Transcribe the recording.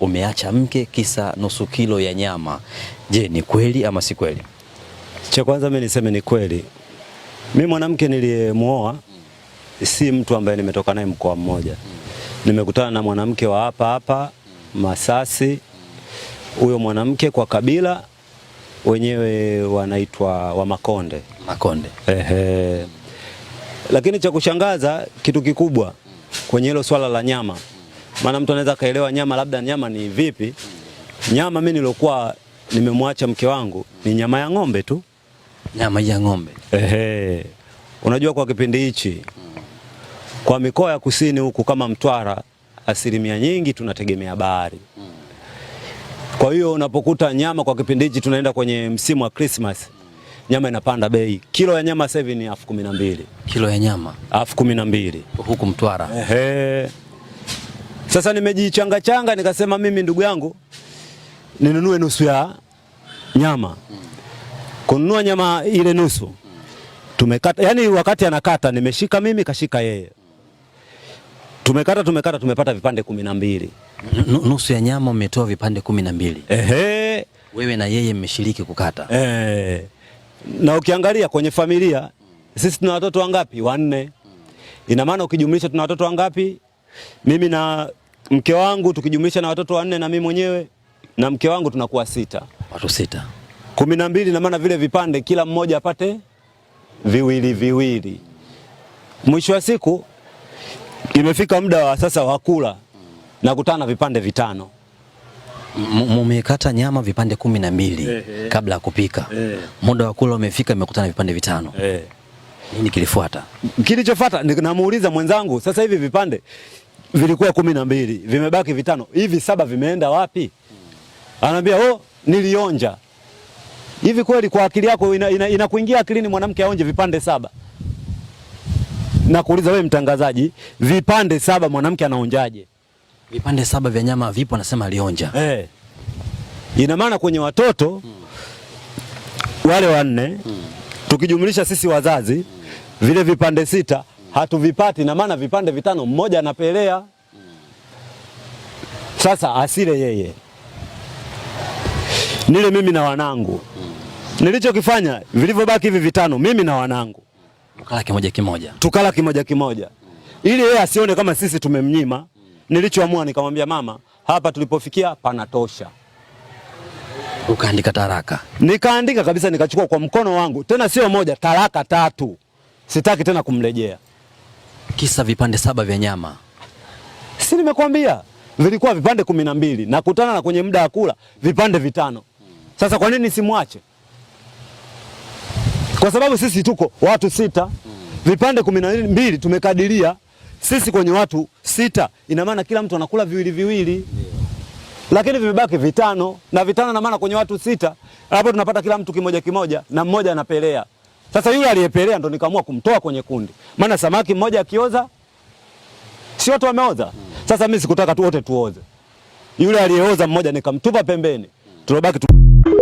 umeacha mke kisa nusu kilo ya nyama. Je, ni kweli ama si kweli? Cha kwanza mimi niseme ni kweli. Mimi mwanamke niliyemwoa si mtu ambaye nimetoka naye mkoa mmoja. Nimekutana na mwanamke wa hapa hapa Masasi. Huyo mwanamke kwa kabila wenyewe wanaitwa wa Makonde. Makonde. Ehe. Lakini cha kushangaza kitu kikubwa kwenye hilo swala la nyama maana mtu anaweza kaelewa nyama labda nyama ni vipi. Nyama mimi nilokuwa nimemwacha mke wangu ni nyama ya ng'ombe tu, nyama ya ng'ombe. Ehe, unajua kwa kipindi hichi kwa mikoa ya kusini huku kama Mtwara, asilimia nyingi tunategemea bahari. Kwa hiyo unapokuta nyama kwa kipindi hichi, tunaenda kwenye msimu wa Christmas, nyama inapanda bei. Kilo ya nyama sasa hivi ni elfu kumi na mbili kilo ya nyama elfu kumi na mbili huku Mtwara. Ehe. Sasa nimejichanga changa nikasema, mimi ndugu yangu ninunue nusu ya nyama. Kununua nyama ile nusu tumekata, yani wakati anakata nimeshika mimi, kashika yeye, tumekata tumekata, tumepata vipande kumi na mbili. Nusu ya nyama umetoa vipande kumi na mbili. Ehe, wewe na yeye mmeshiriki kukata. Ehe. Na ukiangalia kwenye familia sisi tuna watoto wangapi? Wanne. Ina maana ukijumlisha tuna watoto wangapi? mimi na mke wangu tukijumlisha na watoto wanne na mimi mwenyewe na mke wangu tunakuwa sita, watu sita, kumi na mbili. Na maana vile vipande kila mmoja apate viwili viwili. Mwisho wa siku imefika muda wa sasa wa kula na kutana vipande vitano. Mumekata nyama vipande kumi na mbili kabla ya kupika, muda wa kula umefika, imekutana vipande vitano. Ehe. Nini kilifuata? Kilichofuata namuuliza mwenzangu, sasa hivi vipande vilikuwa kumi na mbili vimebaki vitano, hivi saba vimeenda wapi? Anaambia oh, nilionja. Hivi kweli kwa akili yako inakuingia ina, ina akilini mwanamke aonje vipande saba? Na kuuliza wewe mtangazaji, vipande saba mwanamke anaonjaje? Vipande saba vya nyama vipo, anasema alionja. Eh, ina maana kwenye watoto hmm. wale wanne hmm. Tukijumlisha sisi wazazi vile vipande sita hatuvipati, na maana vipande vitano mmoja anapelea. Sasa asile yeye, nile mimi na wanangu. Nilichokifanya vilivyobaki hivi vitano, mimi na wanangu tukala kimoja kimoja, tukala kimoja kimoja, ili yeye asione kama sisi tumemnyima. Nilichoamua nikamwambia mama, hapa tulipofikia panatosha. Ukaandika taraka? Nikaandika kabisa, nikachukua kwa mkono wangu, tena sio moja, taraka tatu. Sitaki tena kumrejea. Kisa vipande saba vya nyama, si nimekwambia vilikuwa vipande kumi na mbili nakutana na kwenye muda wa kula vipande vitano. Sasa kwa nini simwache? Kwa sababu sisi tuko watu sita, vipande kumi na mbili tumekadiria sisi kwenye watu sita, ina maana kila mtu anakula viwili viwili lakini vimebaki vitano na vitano na maana kwenye watu sita, hapo tunapata kila mtu kimoja kimoja na mmoja anapelea. Sasa yule aliyepelea ndo nikaamua kumtoa kwenye kundi, maana samaki mmoja akioza si watu wameoza. Sasa mimi sikutaka tu wote tuoze, yule aliyeoza mmoja nikamtupa pembeni, tulobaki tu